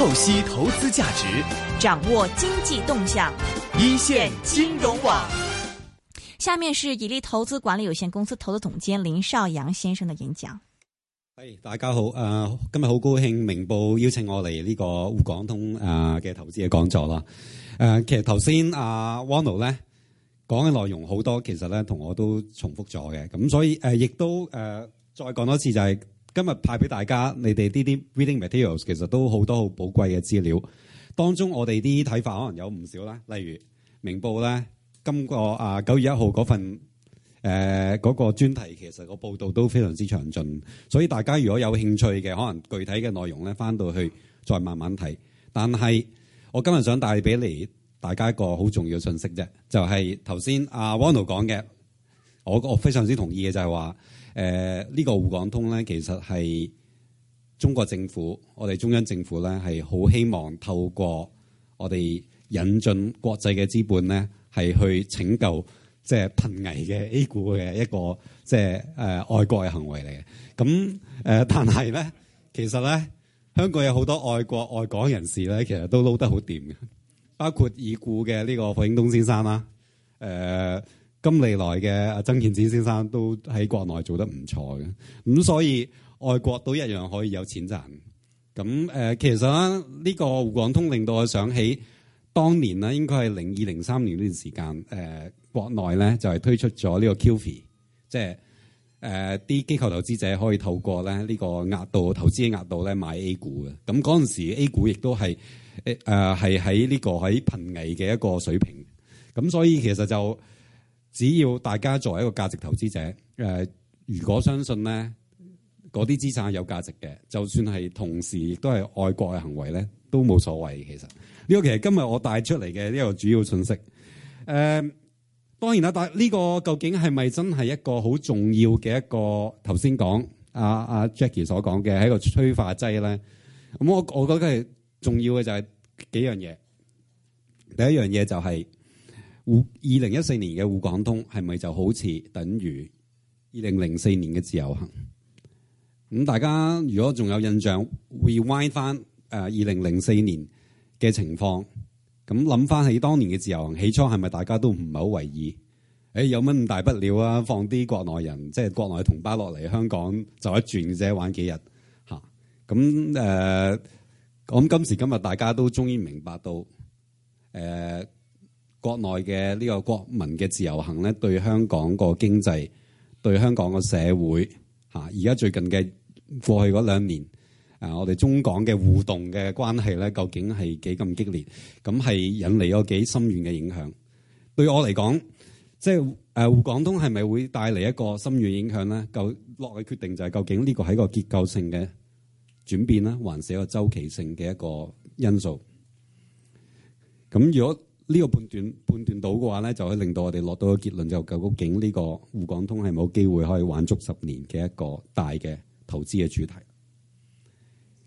透析投資價值，掌握經濟動向，一線金融網。下面是以利投資管理有限公司投資總監林少陽先生的演講。誒，hey，大家好，誒、呃，今日好高興明報邀請我嚟呢個滬港通誒嘅投資嘅講座啦。誒、呃，其實頭先阿 Wono 咧講嘅內容好多，其實咧同我都重複咗嘅，咁所以誒亦、呃、都誒、呃、再講多次就係、是。今日派俾大家，你哋呢啲 reading materials 其實都好多好寶貴嘅資料。當中我哋啲睇法可能有唔少啦，例如明報咧，今個啊九月一號嗰份誒嗰、呃嗰個專題，其實個報道都非常之詳盡。所以大家如果有興趣嘅，可能具體嘅內容咧，翻到去再慢慢睇。但係我今日想帶俾你大家一個好重要嘅信息啫，就係頭先阿 Wano 講嘅，我我非常之同意嘅，就係話。誒、呃這個、呢個滬港通咧，其實係中國政府，我哋中央政府咧係好希望透過我哋引進國際嘅資本咧，係去拯救即係瀕危嘅 A 股嘅一個即係誒、呃、愛國嘅行為嚟嘅。咁誒、呃，但係咧，其實咧，香港有好多愛國愛港人士咧，其實都撈得好掂嘅，包括已故嘅呢個霍英東先生啦，誒、呃。今嚟來嘅阿曾建展先生都喺國內做得唔錯嘅，咁所以外國都一樣可以有錢賺。咁誒，其實呢個滬港通令到我想起當年咧，應該係零二零三年呢段時間誒，國內咧就係推出咗呢個 QFII 即係誒啲機構投資者可以透過咧呢個額度投資額度咧買 A 股嘅。咁嗰陣時 A 股亦都係誒誒係喺呢個喺貧危嘅一個水平，咁所以其實就。只要大家作為一個價值投資者，誒、呃，如果相信咧嗰啲資產係有價值嘅，就算係同時亦都係愛國嘅行為咧，都冇所謂。其實呢、這個其實今日我帶出嚟嘅呢個主要信息，誒、呃，當然啦、啊，但、這、呢個究竟係咪真係一個好重要嘅一個頭先講阿阿、啊啊、Jackie 所講嘅係一個催化劑咧？咁、嗯、我我覺得係重要嘅就係幾樣嘢。第一樣嘢就係、是。二零一四年嘅滬港通係咪就好似等於二零零四年嘅自由行？咁大家如果仲有印象，rewind 翻誒二零零四年嘅情況，咁諗翻起當年嘅自由行，起初係咪大家都唔係好為意？誒、哎、有乜咁大不了啊？放啲國內人即係國內同胞落嚟香港就一轉啫，玩幾日嚇？咁誒，咁、呃、今時今日大家都終於明白到誒，呃國內嘅呢個國民嘅自由行咧，對香港個經濟、對香港個社會嚇，而家最近嘅過去嗰兩年啊，我哋中港嘅互動嘅關係咧，究竟係幾咁激烈，咁係引嚟咗幾深遠嘅影響。對我嚟講，即係誒廣東係咪會帶嚟一個深遠嘅影響咧？就落去決定就係究竟呢個係一個結構性嘅轉變啦，還是一個周期性嘅一個因素？咁如果呢個判斷判斷到嘅話咧，就可以令到我哋落到個結論，就究竟呢個滬港通係冇機會可以玩足十年嘅一個大嘅投資嘅主題。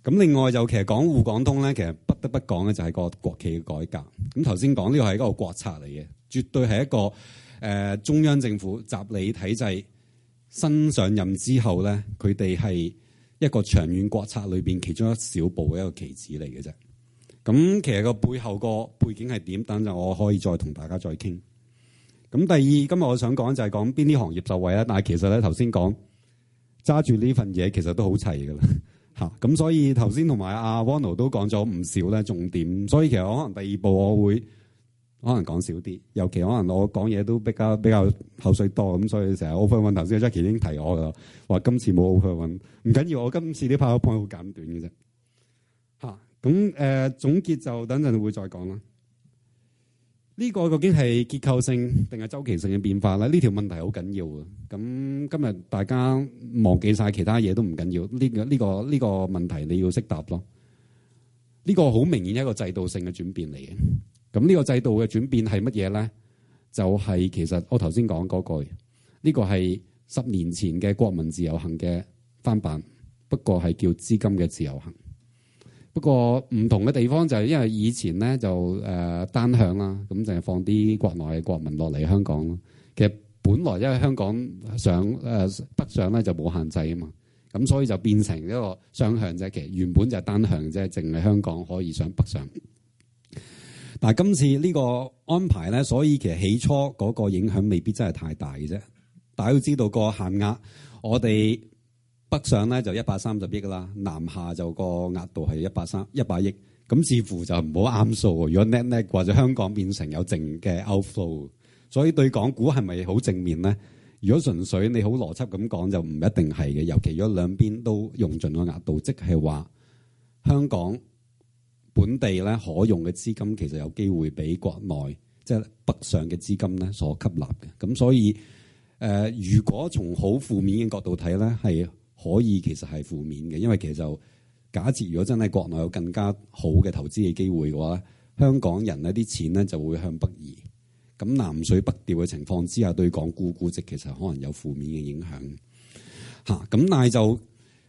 咁另外就其實講滬港通咧，其實不得不講咧，就係個國企嘅改革。咁頭先講呢個係一個國策嚟嘅，絕對係一個誒、呃、中央政府習李體制新上任之後咧，佢哋係一個長遠國策裏邊其中一小步嘅一個棋子嚟嘅啫。咁其實個背後個背景係點？等陣我可以再同大家再傾。咁第二今日我想講就係講邊啲行業受惠啊！但係其實咧頭先講揸住呢份嘢其實都好齊噶啦，吓，咁所以頭先同埋阿 Wano 都講咗唔少咧重點。所以其實我可能第二步我會可能講少啲，尤其可能我講嘢都比較比較口水多咁，所以成日 overrun 頭先 Jackie 已經提我噶，話今次冇 overrun，唔緊要，我今次啲 PowerPoint 好簡短嘅啫。咁誒總結就等陣會再講啦。呢個究竟係結構性定係周期性嘅變化咧？呢條問題好緊要嘅。咁今日大家忘記晒其他嘢都唔緊要，呢個呢個呢個問題你要識答咯。呢個好明顯一個制度性嘅轉變嚟嘅。咁呢個制度嘅轉變係乜嘢咧？就係其實我頭先講嗰句，呢個係十年前嘅國民自由行嘅翻版，不過係叫資金嘅自由行。不過唔同嘅地方就係因為以前咧就誒單向啦，咁就係放啲國內嘅國民落嚟香港啦。其實本來因為香港上誒北上咧就冇限制啊嘛，咁所以就變成一個雙向啫。其實原本就係單向啫，淨係香港可以上北上。但係今次呢個安排咧，所以其實起初嗰個影響未必真係太大嘅啫。大家都知道個限額，我哋。北上咧就一百三十億噶啦，南下就個額度係一百三一百億，咁似乎就唔好啱數。如果 net net 嘅話，就香港變成有淨嘅 outflow，所以對港股係咪好正面咧？如果純粹你好邏輯咁講，就唔一定係嘅。尤其如果兩邊都用盡個額度，即係話香港本地咧可用嘅資金，其實有機會畀國內即係北上嘅資金咧所吸納嘅。咁所以誒、呃，如果從好負面嘅角度睇咧，係。可以，其實係負面嘅，因為其實就假設如果真係國內有更加好嘅投資嘅機會嘅話，香港人咧啲錢咧就會向北移。咁南水北調嘅情況之下，對港股估值其實可能有負面嘅影響。嚇！咁但係就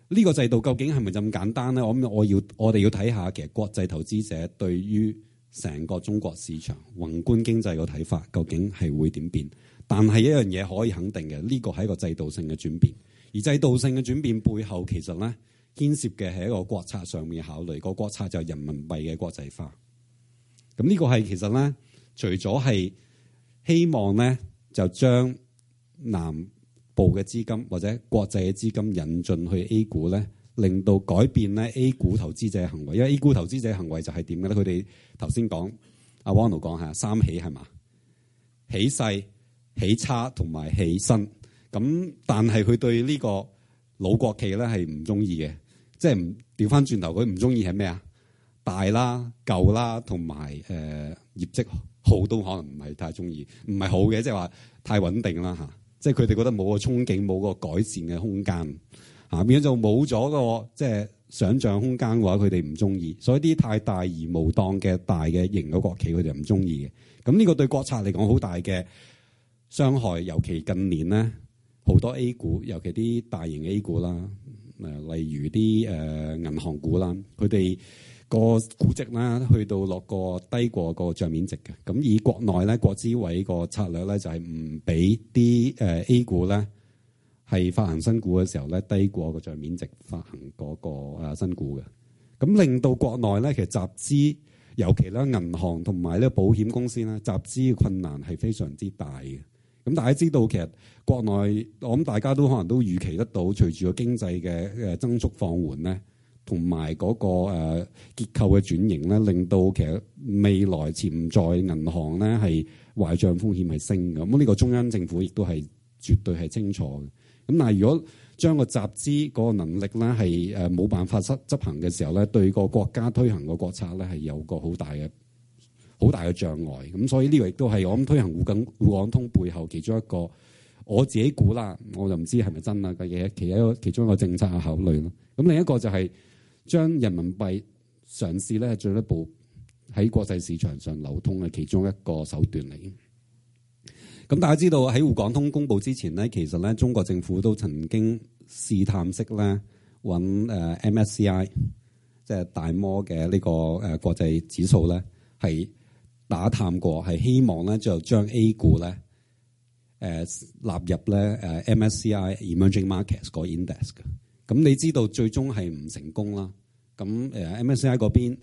呢個制度究竟係咪咁簡單咧？我諗我要我哋要睇下，其實國際投資者對於成個中國市場宏觀經濟嘅睇法，究竟係會點變？但係一樣嘢可以肯定嘅，呢個係一個制度性嘅轉變。而制度性嘅轉變背後，其實咧牽涉嘅係一個國策上面考慮。個國策就係人民幣嘅國際化。咁呢個係其實咧，除咗係希望咧，就將南部嘅資金或者國際嘅資金引進去 A 股咧，令到改變咧 A 股投資者嘅行為。因為 A 股投資者嘅行為就係點嘅咧？佢哋頭先講阿 Wong 都講下，三起係嘛？起勢、起差同埋起身。咁，但係佢對呢個老國企咧係唔中意嘅，即係掉返轉頭，佢唔中意係咩啊？大啦、啊、舊啦，同埋誒業績好都可能唔係太中意，唔係好嘅，即係話太穩定啦吓，即係佢哋覺得冇個憧憬，冇個改善嘅空間，嚇變咗就冇咗個即係想像空間嘅話，佢哋唔中意，所以啲太大而無當嘅大嘅型嘅國企他們不喜歡的，佢哋唔中意嘅。咁呢個對國策嚟講好大嘅傷害，尤其近年咧。好多 A 股，尤其啲大型 A 股啦，例如啲誒銀行股啦，佢哋個估值啦，去到落個低過個帳面值嘅。咁以國內咧，國資委個策略咧就係唔俾啲 A 股咧係發行新股嘅時候咧低過個帳面值發行嗰個新股嘅。咁令到國內咧其實集資，尤其咧銀行同埋個保險公司咧集資嘅困難係非常之大嘅。咁大家知道，其實國內我諗大家都可能都預期得到，隨住個經濟嘅誒增速放緩咧，同埋嗰個誒結構嘅轉型咧，令到其實未來潛在銀行咧係壞賬風險係升嘅。咁、這、呢個中央政府亦都係絕對係清楚嘅。咁但係如果將個集資嗰個能力咧係誒冇辦法執執行嘅時候咧，對個國家推行個國策咧係有個好大嘅。好大嘅障礙，咁所以呢個亦都係我諗推行滬港滬港通背後其中一個，我自己估啦，我就唔知係咪真啊嘅嘢，其他其中一個政策嘅考慮咯。咁另一個就係將人民幣嘗試咧進一步喺國際市場上流通嘅其中一個手段嚟。咁大家知道喺滬港通公佈之前咧，其實咧中國政府都曾經試探式咧揾誒 MSCI，即係大摩嘅呢個誒國際指數咧係。打探過係希望咧，就將 A 股咧誒納入咧誒 MSCI Emerging Markets 個 index 嘅。咁你知道最終係唔成功啦。咁誒 MSCI 嗰邊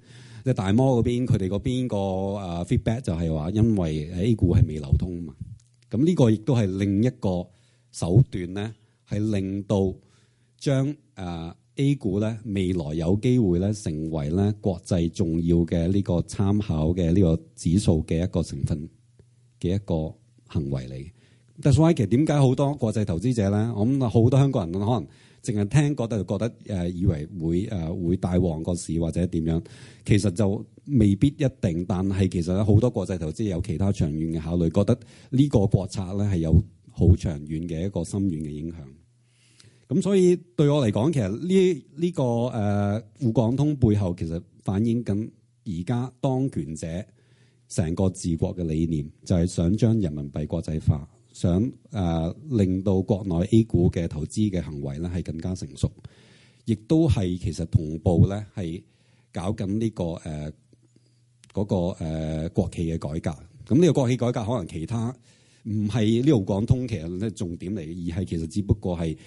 即係大摩嗰邊，佢哋嗰邊個 feedback 就係話，因為 A 股係未流通嘛。咁呢個亦都係另一個手段咧，係令到將誒。A 股咧，未來有機會咧，成為咧國際重要嘅呢個參考嘅呢個指數嘅一個成分嘅一個行為嚟。但係，其實點解好多國際投資者咧，我諗好多香港人可能淨係聽過覺得覺得誒，以為會誒會大旺個市或者點樣，其實就未必一定。但係，其實有好多國際投資者有其他長遠嘅考慮，覺得呢個國策咧係有好長遠嘅一個深遠嘅影響。咁所以對我嚟講，其實呢、這、呢個誒滬港通背後，其實反映緊而家當權者成個治國嘅理念，就係、是、想將人民幣國際化，想誒、呃、令到國內 A 股嘅投資嘅行為咧係更加成熟，亦都係其實同步咧係搞緊呢、這個誒嗰、呃那個誒、呃、國企嘅改革。咁呢個國企改革可能其他唔係呢度滬港通其實咧重點嚟，而係其實只不過係。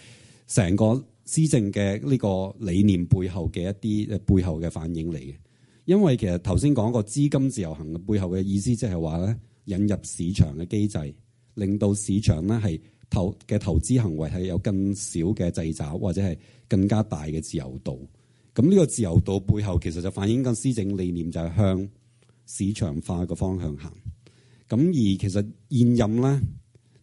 成個施政嘅呢個理念背後嘅一啲誒背後嘅反應嚟嘅，因為其實頭先講個資金自由行嘅背後嘅意思，即係話咧引入市場嘅機制，令到市場咧係投嘅投資行為係有更少嘅掣肘，或者係更加大嘅自由度。咁呢個自由度背後其實就反映緊施政理念，就係向市場化嘅方向行。咁而其實現任咧。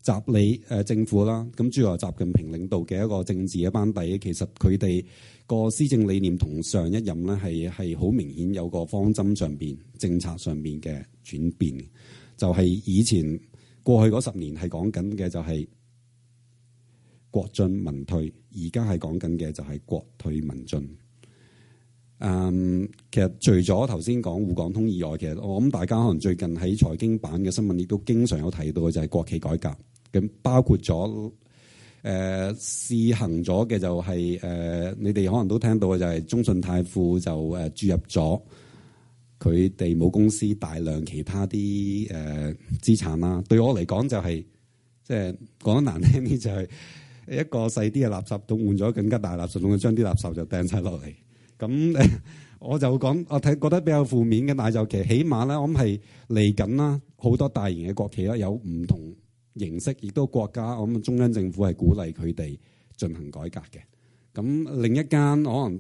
習理誒政府啦，咁主要係習近平領導嘅一個政治嘅班底，其實，佢哋個施政理念同上一任咧係係好明顯有個方針上邊政策上邊嘅轉變，就係、是、以前過去嗰十年係講緊嘅就係國進民退，而家係講緊嘅就係國退民進。嗯，其實除咗頭先講滬港通以外，其實我諗大家可能最近喺財經版嘅新聞亦都經常有提到嘅就係國企改革。咁包括咗誒、呃、試行咗嘅就係、是、誒、呃，你哋可能都聽到嘅就係中信泰富就誒、呃、注入咗佢哋母公司大量其他啲誒、呃、資產啦。對我嚟講就係即係講得難聽啲就係一個細啲嘅垃圾桶換咗更加大垃圾桶，將啲垃圾就掟晒落嚟。咁我就講我睇覺得比較負面嘅，但係就其實起碼咧，我諗係嚟緊啦，好多大型嘅國企啦，有唔同，形式亦都國家，咁中央政府係鼓勵佢哋進行改革嘅。咁另一間可能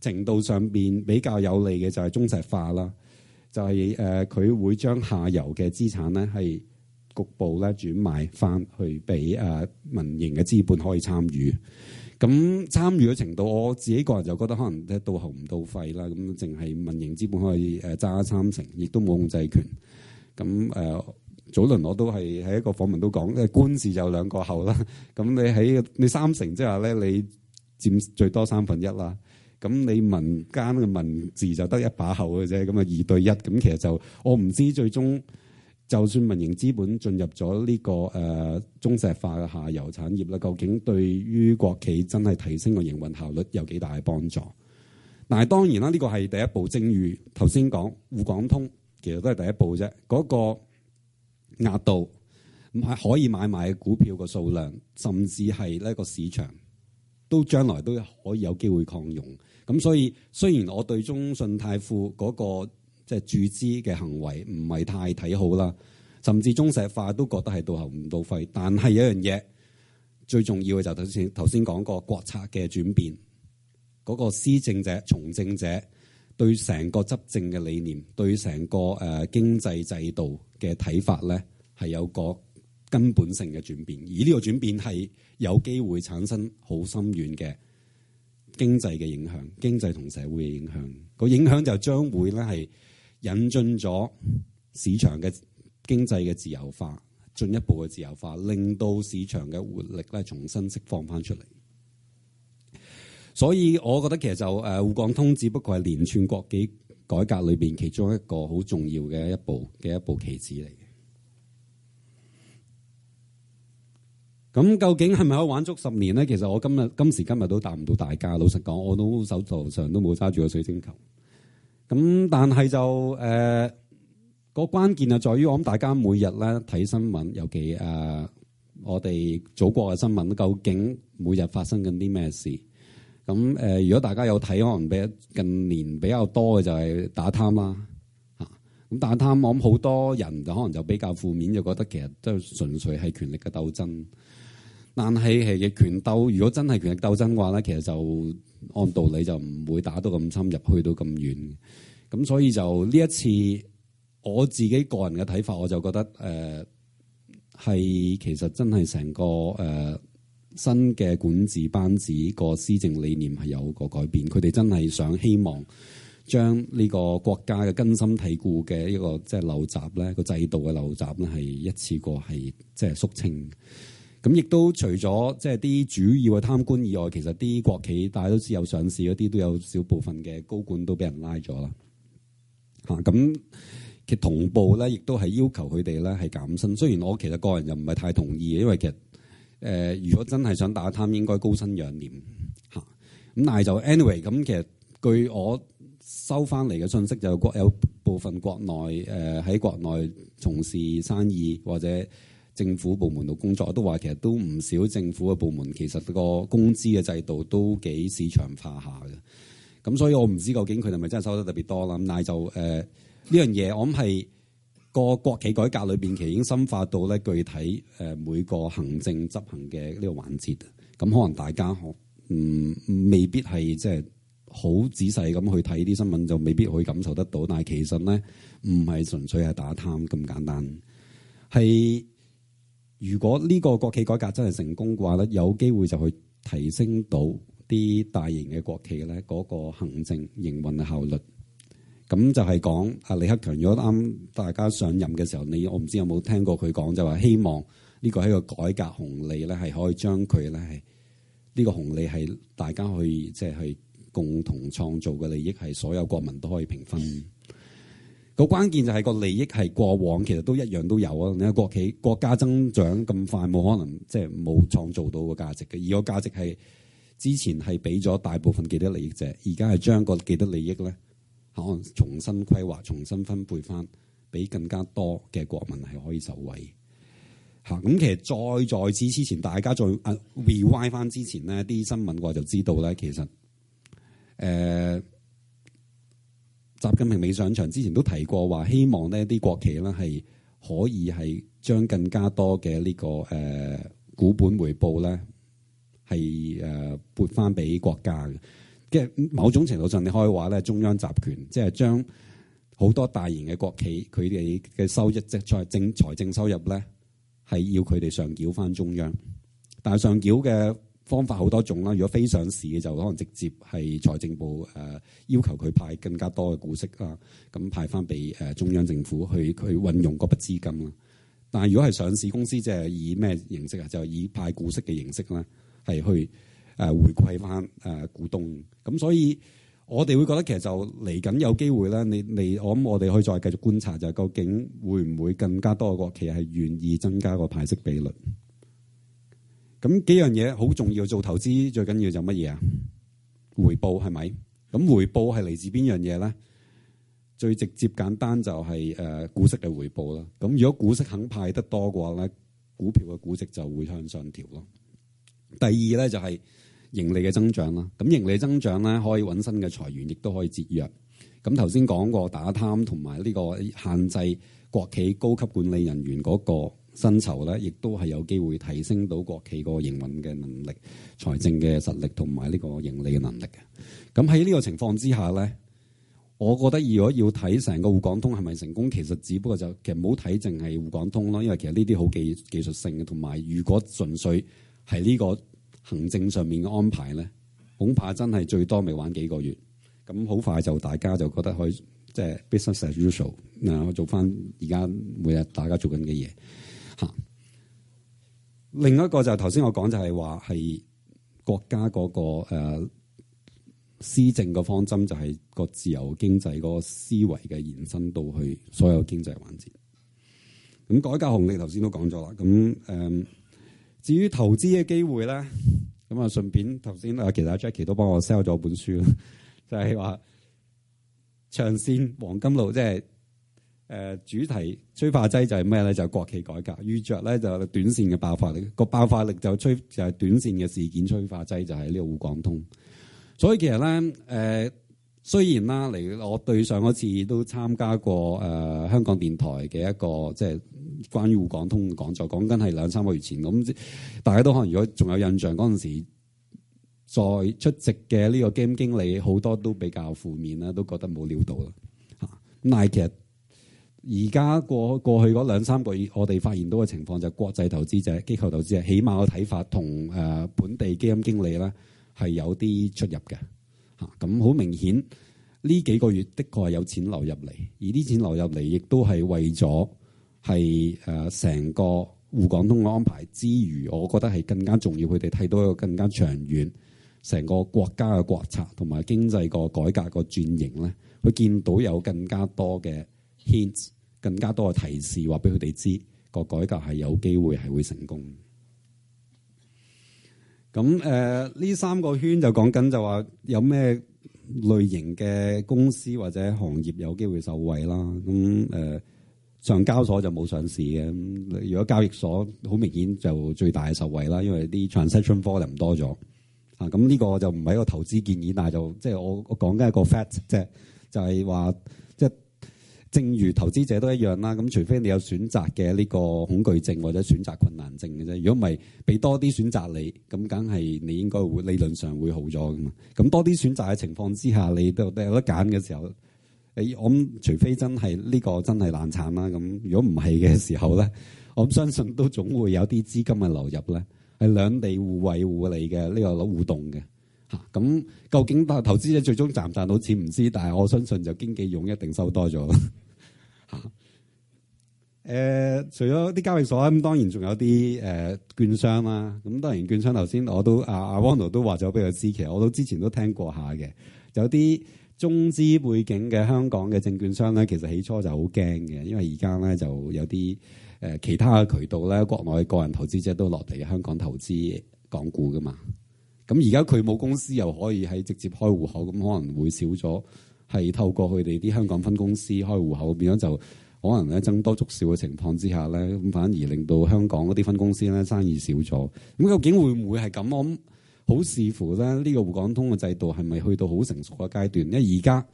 程度上邊比較有利嘅就係中石化啦，就係誒佢會將下游嘅資產咧係局部咧轉賣翻去俾誒民營嘅資本可以參與。咁參與嘅程度，我自己個人就覺得可能誒到喉唔到肺啦，咁淨係民營資本可以誒揸三成，亦都冇控制權。咁誒。呃早輪我都係喺一個訪問都講，官字就兩個口啦。咁你喺你三成之下呢，咧，你佔最多三分一啦。咁你民間嘅民字就得一把口嘅啫。咁啊，二對一咁，其實就我唔知最終就算民營資本進入咗呢、這個、呃、中石化嘅下游產業啦，究竟對於國企真係提升個營運效率有幾大幫助？但係當然啦，呢、這個係第一步。正如頭先講，滬港通其實都係第一步啫。嗰、那個。額度，咁係可以買賣嘅股票嘅數量，甚至係呢個市場都將來都可以有機會擴容。咁所以雖然我對中信泰富嗰、那個即係注資嘅行為唔係太睇好啦，甚至中石化都覺得係到喉唔到肺。但係有樣嘢最重要嘅就係頭先頭先講過國策嘅轉變，嗰、那個施政者、從政者對成個執政嘅理念、對成個誒經濟制度嘅睇法咧，係有個根本性嘅轉變，而呢個轉變係有機會產生好深遠嘅經濟嘅影響，經濟同社會嘅影響。個影響就將會咧係引進咗市場嘅經濟嘅自由化，進一步嘅自由化，令到市場嘅活力咧重新釋放翻出嚟。所以我覺得其實就誒，滬港通只不過係連串國企改革裏邊其中一個好重要嘅一步嘅一步棋子嚟。咁究竟係咪可以玩足十年咧？其實我今日今時今日都答唔到大家，老實講，我都手頭上都冇揸住個水晶球。咁但係就誒、呃，個關鍵就在於我諗大家每日咧睇新聞，尤其啊、呃、我哋祖國嘅新聞，究竟每日發生緊啲咩事？咁、呃、如果大家有睇，可能比近年比較多嘅就係打貪啦嚇。咁打貪，我諗好多人就可能就比較負面，就覺得其實都純粹係權力嘅鬥爭。但係係嘅權鬥，如果真係權力鬥爭嘅話咧，其實就按道理就唔會打到咁深入，去到咁遠。咁所以就呢一次，我自己個人嘅睇法，我就覺得誒係、呃、其實真係成個誒、呃、新嘅管治班子個施政理念係有個改變，佢哋真係想希望將呢個國家嘅根深蒂固嘅一個即係陋習咧，個制度嘅陋習咧，係一次過係即係肅清。咁亦都除咗即係啲主要嘅貪官以外，其實啲國企，大家都知有上市嗰啲都有少部分嘅高管都俾人拉咗啦。吓，咁其同步咧，亦都係要求佢哋咧係減薪。雖然我其實個人又唔係太同意嘅，因為其實誒，如果真係想打貪，應該高薪養廉吓。咁但係就 anyway，咁其實據我收翻嚟嘅信息，就有國有部分國內誒喺國內從事生意或者。政府部門度工作都話，其實都唔少政府嘅部門，其實個工資嘅制度都幾市場化下嘅。咁所以我唔知究竟佢係咪真係收得特別多啦。咁但係就誒呢樣嘢，我諗係個國企改革裏邊，其實已經深化到咧具體誒每個行政執行嘅呢個環節。咁可能大家可唔、嗯、未必係即係好仔細咁去睇啲新聞，就未必可以感受得到。但係其實咧，唔係純粹係打貪咁簡單，係。如果呢個國企改革真係成功嘅話咧，有機會就去提升到啲大型嘅國企咧嗰個行政營運嘅效率。咁就係講阿李克強如果啱大家上任嘅時候，你我唔知有冇聽過佢講就話、是、希望呢個係個改革紅利咧，係可以將佢咧，係呢個紅利係大家可以即係、就是、共同創造嘅利益，係所有國民都可以平分。個關鍵就係個利益，係過往其實都一樣都有啊！你國企國家增長咁快，冇可能即係冇創造到個價值嘅。而個價值係之前係俾咗大部分既得利益者，而家係將個既得利益咧，可能重新規劃、重新分配翻，俾更加多嘅國民係可以受惠。吓，咁其實再在此之前，大家再 rewind 翻之前呢啲新聞我就知道咧，其實誒。呃習近平未上場之前都提過話，希望呢啲國企咧係可以係將更加多嘅呢個誒股本回報咧係誒撥翻俾國家嘅。即係某種程度上，你可以話咧中央集權，即係將好多大型嘅國企佢哋嘅收益，即係政財政收入咧係要佢哋上繳翻中央，但係上繳嘅方法好多種啦，如果非上市嘅就可能直接係財政部誒要求佢派更加多嘅股息啦，咁派翻俾誒中央政府去去運用嗰筆資金啦。但係如果係上市公司，即係以咩形式啊？就以派股息嘅形式咧，係去誒回饋翻誒股東，咁所以我哋會覺得其實就嚟緊有機會啦。你你我諗我哋可以再繼續觀察，就係究竟會唔會更加多嘅國企係願意增加個派息比率？咁幾樣嘢好重要，做投資最緊要就乜嘢啊？回報係咪？咁回報係嚟自邊樣嘢咧？最直接簡單就係股息嘅回報啦。咁如果股息肯派得多嘅話咧，股票嘅股息就會向上調咯。第二咧就係盈利嘅增長啦。咁盈利增長咧可以揾新嘅財源，亦都可以節約。咁頭先講過打貪同埋呢個限制國企高級管理人員嗰個。薪酬咧，亦都係有機會提升到國企個營運嘅能力、財政嘅實力同埋呢個盈利嘅能力嘅。咁喺呢個情況之下咧，我覺得如果要睇成個滬港通係咪成功，其實只不過就其實唔好睇，淨係滬港通咯。因為其實呢啲好技技術性嘅，同埋如果純粹係呢個行政上面嘅安排咧，恐怕真係最多未玩幾個月，咁好快就大家就覺得可以即係、就是、business as usual 嗱，我做返而家每日大家做緊嘅嘢。另一個就係頭先我講，就係話係國家嗰個誒施政個方針就係個自由經濟嗰個思維嘅，延伸到去所有經濟環節。咁改革紅利頭先都講咗啦，咁誒至於投資嘅機會咧，咁啊順便頭先啊，其實阿 Jackie 都幫我 sell 咗本書，就係話長線黃金路即係。誒主題催化劑就係咩咧？就係國企改革，預着咧就短線嘅爆發力，個爆發力就催就係短線嘅事件催化劑就係呢個滬港通。所以其實咧誒、呃，雖然啦嚟，我對上嗰次都參加過誒、呃、香港電台嘅一個即係、就係、關於滬港通嘅講座，講緊係兩三個月前咁，大家都可能如果仲有印象嗰陣時，在出席嘅呢個基金經理好多都比較負面啦，都覺得冇料到啦嚇。咁但係其實。而家過過去嗰兩三個月，我哋發現到嘅情況就係國際投資者、機構投資者起碼嘅睇法同誒本地基金經理咧係有啲出入嘅嚇。咁好明顯呢幾個月的確係有錢流入嚟，而啲錢流入嚟亦都係為咗係誒成個滬港通嘅安排之餘，我覺得係更加重要。佢哋睇到一個更加長遠成個國家嘅國策同埋經濟個改革個轉型咧，佢見到有更加多嘅。hints 更加多嘅提示，話俾佢哋知個改革係有機會係會成功。咁誒呢三個圈就講緊就話有咩類型嘅公司或者行業有機會受惠啦。咁誒、呃、上交所就冇上市嘅。如果交易所好明顯就最大嘅受惠啦，因為啲 transaction for 就唔多咗啊。咁呢個就唔係一個投資建議，但係就即係、就是、我我講緊一個 fact 啫，就係話。正如投資者都一樣啦，咁除非你有選擇嘅呢個恐懼症或者選擇困難症嘅啫。如果唔係，俾多啲選擇你，咁梗係你應該會理論上會好咗噶嘛。咁多啲選擇嘅情況之下，你都你都有得揀嘅時候，誒，我諗除非真係呢、這個真係難產啦。咁如果唔係嘅時候咧，我諗相信都總會有啲資金嘅流入咧，係兩地互惠互利嘅呢、這個攞互動嘅嚇。咁究竟投資者最終賺唔賺到錢唔知，但係我相信就經紀佣一定收多咗。啊！誒、呃，除咗啲交易所咁，當然仲有啲誒、呃、券商啦。咁當然券商頭先我都阿阿、啊、Wanda 都話咗俾佢知，其實我都之前都聽過下嘅，有啲中資背景嘅香港嘅證券商咧，其實起初就好驚嘅，因為而家咧就有啲誒、呃、其他渠道咧，國內個人投資者都落地香港投資港股噶嘛。咁而家佢冇公司又可以喺直接開戶口，咁可能會少咗。係透過佢哋啲香港分公司開戶口，變咗就可能咧，增多足少嘅情況之下咧，咁反而令到香港嗰啲分公司咧生意少咗。咁究竟會唔會係咁？我諗好視乎咧，呢個滬港通嘅制度係咪去到好成熟嘅階段咧？而家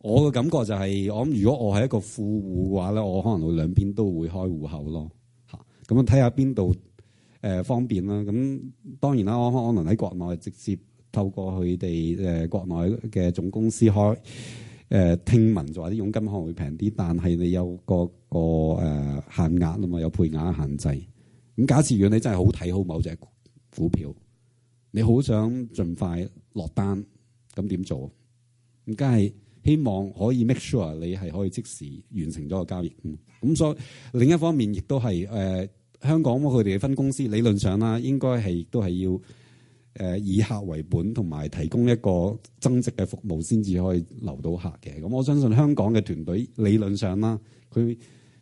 我嘅感覺就係、是，我諗如果我係一個富戶嘅話咧，我可能會兩邊都會開戶口咯。吓，咁樣睇下邊度誒方便啦。咁當然啦，我可能喺國內直接。透過佢哋誒國內嘅總公司開，誒聽聞就話啲佣金可能會平啲，但係你有個個誒限額啊嘛，有配額限制。咁假設如果你真係好睇好某隻股票，你好想盡快落單，咁點做？咁梗係希望可以 make sure 你係可以即時完成咗個交易。咁所以另一方面亦都係誒香港佢哋嘅分公司理論上啦，應該係都係要。誒以客為本，同埋提供一個增值嘅服務，先至可以留到客嘅。咁我相信香港嘅團隊理論上啦，佢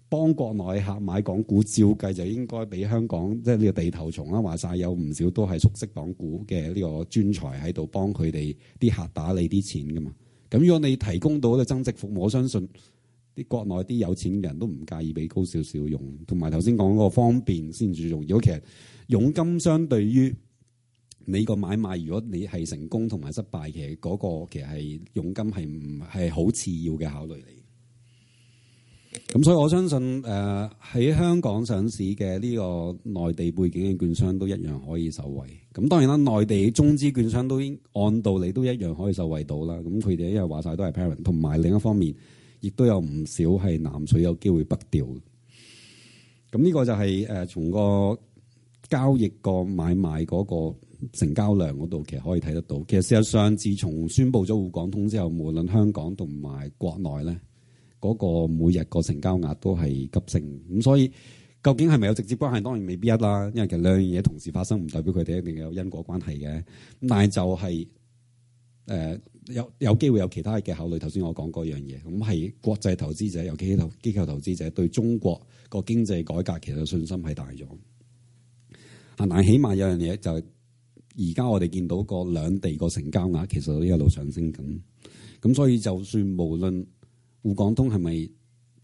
幫國內客買港股照計，就應該畀香港即係呢個地頭蟲啦。話晒有唔少都係熟悉港股嘅呢個專才喺度幫佢哋啲客打理啲錢噶嘛。咁如果你提供到呢個增值服務，我相信啲國內啲有錢人都唔介意俾高少少用。同埋頭先講嗰個方便先至重要。如果其實佣金相對於你個買賣，如果你係成功同埋失敗，其實嗰個其實係佣金係唔係好次要嘅考慮嚟。咁所以我相信誒喺、呃、香港上市嘅呢個內地背景嘅券商都一樣可以受惠。咁當然啦，內地中資券商都應按道理都一樣可以受惠到啦。咁佢哋一日話晒都係 parent，同埋另一方面亦都有唔少係南水有機會北調。咁呢個就係、是、誒、呃、從個交易個買賣嗰、那個。成交量嗰度其實可以睇得到。其實事實上，自從宣布咗滬港通之後，無論香港同埋國內咧，嗰個每日個成交額都係急升。咁所以究竟係咪有直接關係？當然未必一啦，因為其實兩樣嘢同時發生，唔代表佢哋一定有因果關係嘅。但係就係，誒有有機會有其他嘅考慮。頭先我講嗰樣嘢，咁係國際投資者、尤其是機構投資者對中國個經濟改革其實信心係大咗。啊，但係起碼有樣嘢就係。而家我哋見到個兩地個成交額其實都一路上升緊，咁所以就算無論滬港通係咪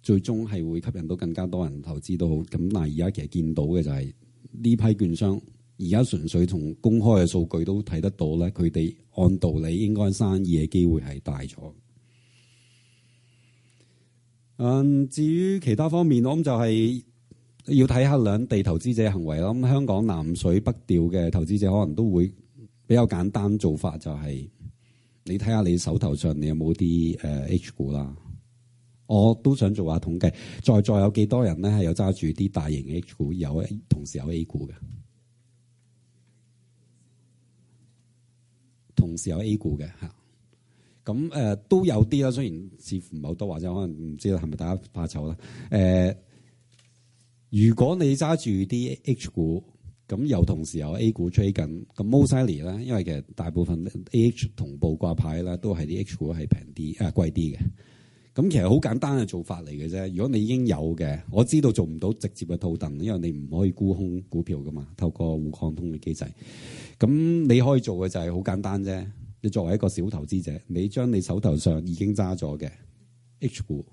最終係會吸引到更加多人投資到，咁但係而家其實見到嘅就係呢批券商而家純粹從公開嘅數據都睇得到咧，佢哋按道理應該生意嘅機會係大咗。嗯，至於其他方面，我諗就係、是。要睇下兩地投資者行為咯。咁香港南水北調嘅投資者可能都會比較簡單，做法就係、是，你睇下你手頭上你有冇啲誒 H 股啦。我都想做下統計，再再有幾多少人咧，係有揸住啲大型 H 股，有同時有 A 股嘅，同時有 A 股嘅吓。咁誒、呃、都有啲啦，雖然似乎唔係好多，或者可能唔知道係咪大家怕醜啦。誒、呃。如果你揸住啲 H 股，咁又同時有 A 股追緊，咁 mosily 咧，因為其實大部分 A、H 同步掛牌咧，都係啲 H 股係平啲，誒貴啲嘅。咁其實好簡單嘅做法嚟嘅啫。如果你已經有嘅，我知道做唔到直接嘅套戥，因為你唔可以沽空股票噶嘛。透過滬港通嘅機制，咁你可以做嘅就係好簡單啫。你作為一個小投資者，你將你手頭上已經揸咗嘅 H 股，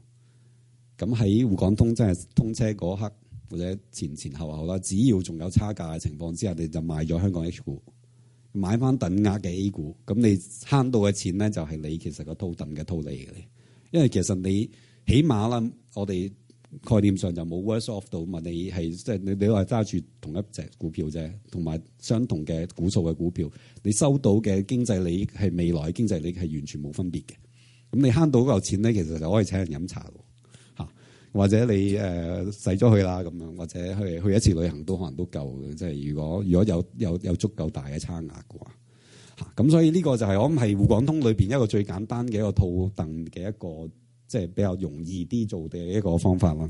咁喺滬港通真係、就是、通車嗰刻。或者前前後後啦，只要仲有差價嘅情況之下，你就賣咗香港 H 股，買翻等額嘅 A 股，咁你慳到嘅錢咧就係你其實個套戥嘅套利嘅。因為其實你起碼啦，我哋概念上就冇 worse off 到嘛。就是、你係即係你你都係揸住同一隻股票啫，同埋相同嘅股數嘅股票，你收到嘅經濟利益係未來嘅經濟利益係完全冇分別嘅。咁你慳到嗰嚿錢咧，其實就可以請人飲茶咯。或者你誒使咗去啦咁樣，或者去去一次旅行都可能都夠嘅。即係如果如果有有有足夠大嘅差額嘅話，吓，咁所以呢個就係、是、我諗係滬港通裏邊一個最簡單嘅一個套戥嘅一個即係、就是、比較容易啲做嘅一個方法啦，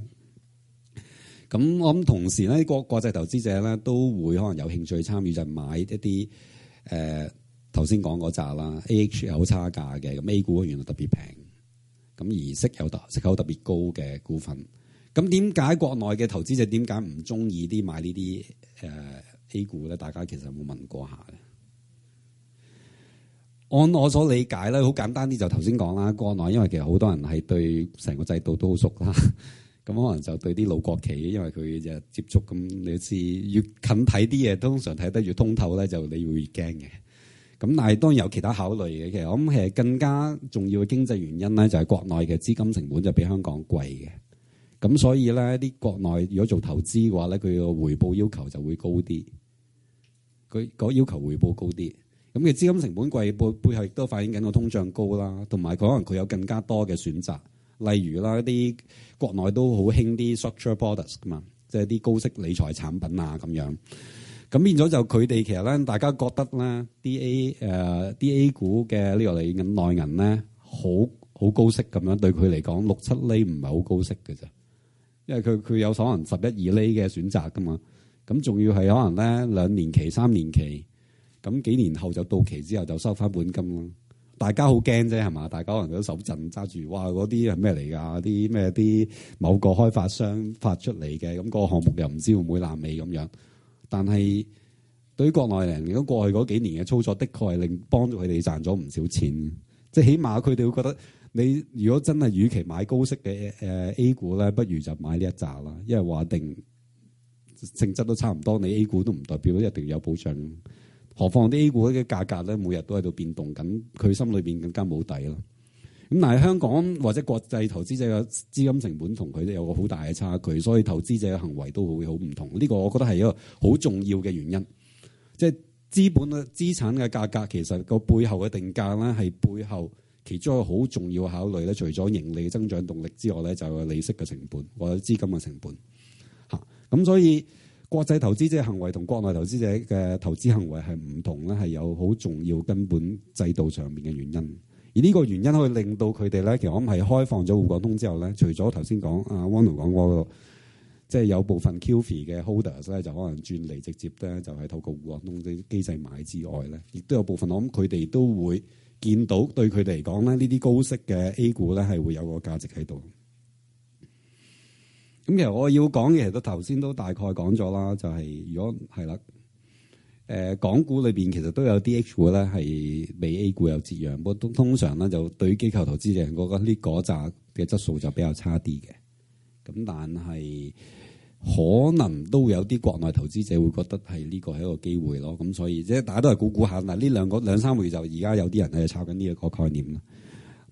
咁我諗同時咧，個國際投資者咧都會可能有興趣參與就是、買一啲誒頭先講嗰扎啦，AH 有差價嘅，咁 A 股原來特別平。咁而息有特息口特別高嘅股份，咁點解國內嘅投資者點解唔中意啲買呢啲誒 A 股咧？大家其實有冇問過一下咧？按我所理解咧，好簡單啲就頭先講啦。國內因為其實好多人係對成個制度都好熟啦，咁可能就對啲老國企，因為佢就接觸咁，你好似越近睇啲嘢，通常睇得越通透咧，就你會驚嘅。咁但係當然有其他考慮嘅，其實我諗係更加重要嘅經濟原因咧，就係國內嘅資金成本就比香港貴嘅，咁所以咧啲國內如果做投資嘅話咧，佢個回報要求就會高啲，佢個要求回報高啲，咁嘅資金成本貴背背後亦都反映緊個通脹高啦，同埋可能佢有更加多嘅選擇，例如啦啲國內都好興啲 structure products 嘛，即係啲高息理財產品啊咁樣。咁變咗就佢哋其實咧，大家覺得咧，D A D A 股嘅呢個嚟緊內銀咧，好好高息咁樣，對佢嚟講六七厘唔係好高息嘅啫，因為佢佢有可能十一二厘嘅選擇㗎嘛。咁仲要係可能咧兩年期、三年期，咁幾年後就到期之後就收返本金咯。大家好驚啫，係嘛？大家可能都手震揸住，哇！嗰啲係咩嚟㗎？啲咩啲某個開發商發出嚟嘅咁個項目又唔知會唔會爛尾咁樣。但係對於國內人嚟講，如果過去嗰幾年嘅操作，的確係令幫助佢哋賺咗唔少錢。即係起碼佢哋會覺得，你如果真係與其買高息嘅誒 A 股咧，不如就買呢一紮啦。因為話定性質都差唔多，你 A 股都唔代表一定有保障。何況啲 A 股嘅價格咧，每日都喺度變動緊，佢心裏邊更加冇底咯。咁但係香港或者國際投資者嘅資金成本同佢哋有個好大嘅差距，所以投資者嘅行為都會好唔同。呢個我覺得係一個好重要嘅原因。即係資本嘅資產嘅價格其實個背後嘅定價咧，係背後其中一個好重要考慮咧。除咗盈利增長動力之外咧，就有利息嘅成本或者資金嘅成本嚇。咁所以國際投資者行為同國內投資者嘅投資行為係唔同咧，係有好重要根本制度上面嘅原因。而呢個原因可以令到佢哋咧，其實我諗係開放咗滬港通之後咧，除咗頭先講阿 w o n 講過，即係有部分 Kevi 嘅 Holders 咧，就可能轉嚟直接咧，就係透過滬港通啲機制買之外咧，亦都有部分我諗佢哋都會見到對佢哋嚟講咧，呢啲高息嘅 A 股咧係會有個價值喺度。咁其實我要講嘅其實頭先都大概講咗啦，就係如果係啦。誒、呃、港股裏邊其實都有啲 H 股咧，係比 A 股有折讓。我通通常咧就對於機構投資者，我覺得呢嗰扎嘅質素就比較差啲嘅。咁但係可能都有啲國內投資者會覺得係呢個係一個機會咯。咁所以即係大家都係估估下。嗱，呢兩個兩三個月就而家有啲人喺度炒緊呢一個概念啦。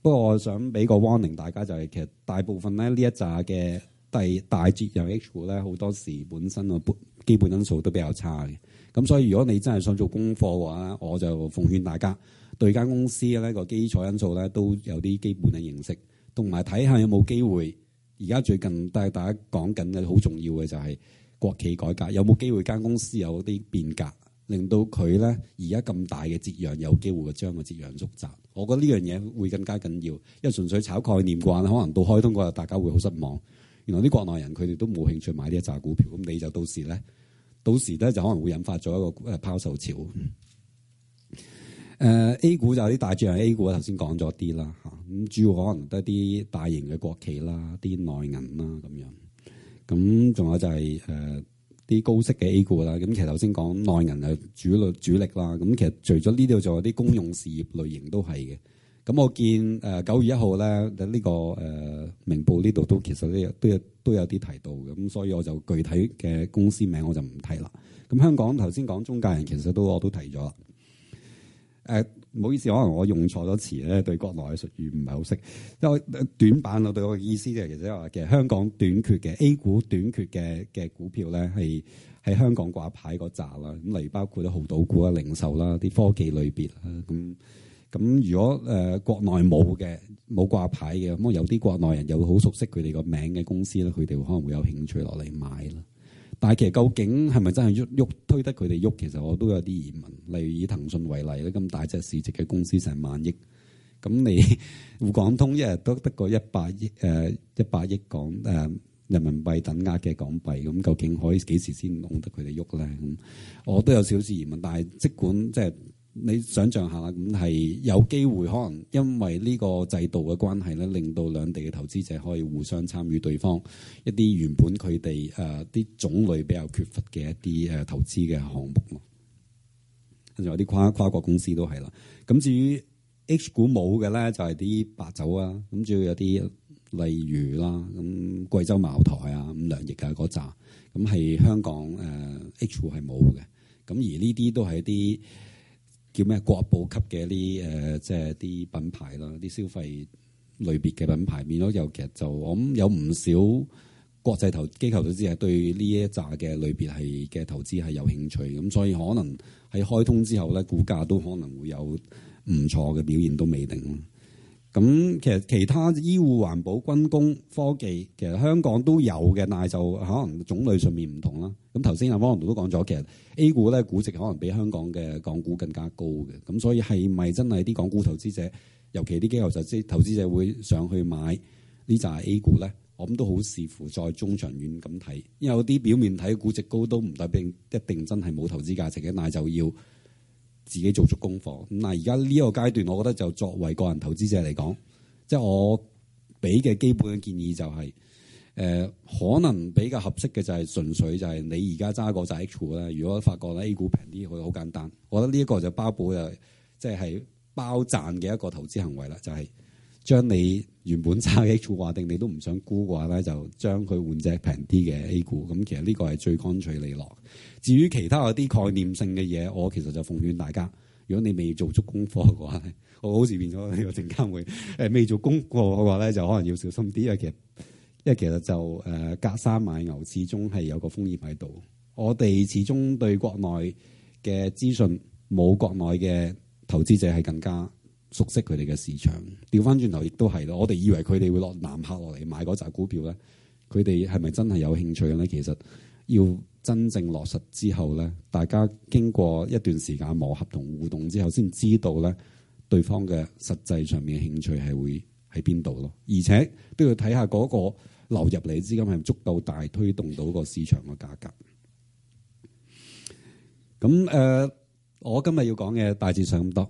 不過我想俾個 warning 大家就係、是、其實大部分咧呢這一扎嘅第大折讓 H 股咧，好多時本身啊基本因素都比較差嘅，咁所以如果你真係想做功課嘅話，我就奉勸大家對間公司嘅呢個基礎因素咧都有啲基本嘅認識，同埋睇下有冇機會。而家最近都係大家講緊嘅好重要嘅就係國企改革，有冇機會間公司有啲變革，令到佢咧而家咁大嘅折讓有機會將個折讓縮窄，我覺得呢樣嘢會更加緊要，因為純粹炒概念嘅話，可能到開通嗰日大家會好失望。原來啲國內人佢哋都冇興趣買呢一扎股票，咁你就到時咧，到時咧就可能會引發咗一個拋售潮。誒，uh，A 股就有啲大隻人 A 股才，頭先講咗啲啦吓，咁主要可能都係啲大型嘅國企啦、啲內銀啦咁樣，咁仲有就係誒啲高息嘅 A 股啦。咁其實頭先講內銀係主力主力啦，咁其實除咗呢度仲有啲公用事業類型都係嘅。咁我見誒九月一號咧，呢、這個誒、呃、明報呢度都其實都有都有都有啲提到嘅，咁所以我就具體嘅公司名字我就唔提啦。咁香港頭先講中介人，其實都我都提咗啦。誒、呃，唔好意思，可能我用錯咗詞咧，對國內嘅術語唔係好識。因為短板我對我嘅意思即係，其實話嘅香港短缺嘅 A 股短缺嘅嘅股票咧，係喺香港掛牌嗰扎啦。咁例如包括咧好賭股啦、零售啦、啲科技類別啦咁。咁如果誒、呃、國內冇嘅冇掛牌嘅，咁有啲國內人又會好熟悉佢哋個名嘅公司咧，佢哋可能會有興趣落嚟買啦。但係其實究竟係咪真係喐喐推得佢哋喐？其實我都有啲疑問。例如以騰訊為例咧，咁大隻市值嘅公司成萬億，咁你滬港通一日都得個一百億誒一百億港誒、呃、人民幣等額嘅港幣，咁究竟可以幾時先弄得佢哋喐咧？咁我都有少少疑問。但係即管即係。你想象下，咁係有機會，可能因為呢個制度嘅關係咧，令到兩地嘅投資者可以互相參與對方一啲原本佢哋誒啲種類比較缺乏嘅一啲誒投資嘅項目咯。跟有啲跨跨國公司都係啦。咁至於 H 股冇嘅咧，就係啲白酒啊。咁仲有啲例如啦，咁貴州茅台啊，五糧液啊嗰扎咁係香港誒、呃、H 股係冇嘅。咁而呢啲都係一啲。叫咩國寶級嘅啲誒，即係啲品牌咯，啲消費類別嘅品牌，變咗又其實就我諗有唔少國際投機構都知係對呢一扎嘅類別係嘅投資係有興趣，咁所以可能喺開通之後咧，股價都可能會有唔錯嘅表現，都未定。咁其實其他醫護、環保、軍工、科技，其實香港都有嘅，但係就可能種類上面唔同啦。咁頭先阿方導都講咗，其實 A 股咧估值可能比香港嘅港股更加高嘅。咁所以係咪真係啲港股投資者，尤其啲機構投資投資者會上去買這些 A 股呢？就係 A 股咧，我諗都好視乎在中長遠咁睇。因為有啲表面睇估值高都唔代表一定真係冇投資價值嘅，但係就要自己做足功課咁。嗱，而家呢個階段，我覺得就作為個人投資者嚟講，即係我俾嘅基本嘅建議就係，誒可能比較合適嘅就係純粹就係你而家揸個就 H 股咧，如果發覺咧 A 股平啲，佢好簡單，我覺得呢一個就包括，又即係包賺嘅一個投資行為啦，就係。將你原本揸嘅股話定，你都唔想沽嘅話咧，就將佢換隻平啲嘅 A 股。咁其實呢個係最乾脆利落。至於其他嗰啲概念性嘅嘢，我其實就奉勸大家，如果你未做足功課嘅話咧，我好似變咗呢個證監會誒未做功課嘅話咧，就可能要小心啲。因為其實因為其實就誒隔山買牛，始終係有個風險喺度。我哋始終對國內嘅資訊冇國內嘅投資者係更加熟悉佢哋嘅市場，調翻轉頭亦都係咯。我哋以為佢哋會落南客落嚟買嗰扎股票咧，佢哋係咪真係有興趣咧？其實要真正落實之後咧，大家經過一段時間磨合同互動之後，先知道咧對方嘅實際上面嘅興趣係會喺邊度咯。而且都要睇下嗰個流入嚟嘅資金係咪足夠大，推動到個市場嘅價格。咁，呃，我今日要講嘅大致上咁多。